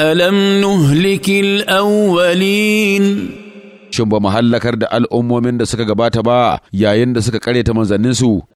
ألم نهلك الأولين Shin ba mu hallakar da al'ummomin da suka gabata ba yayin da suka ta manzanninsu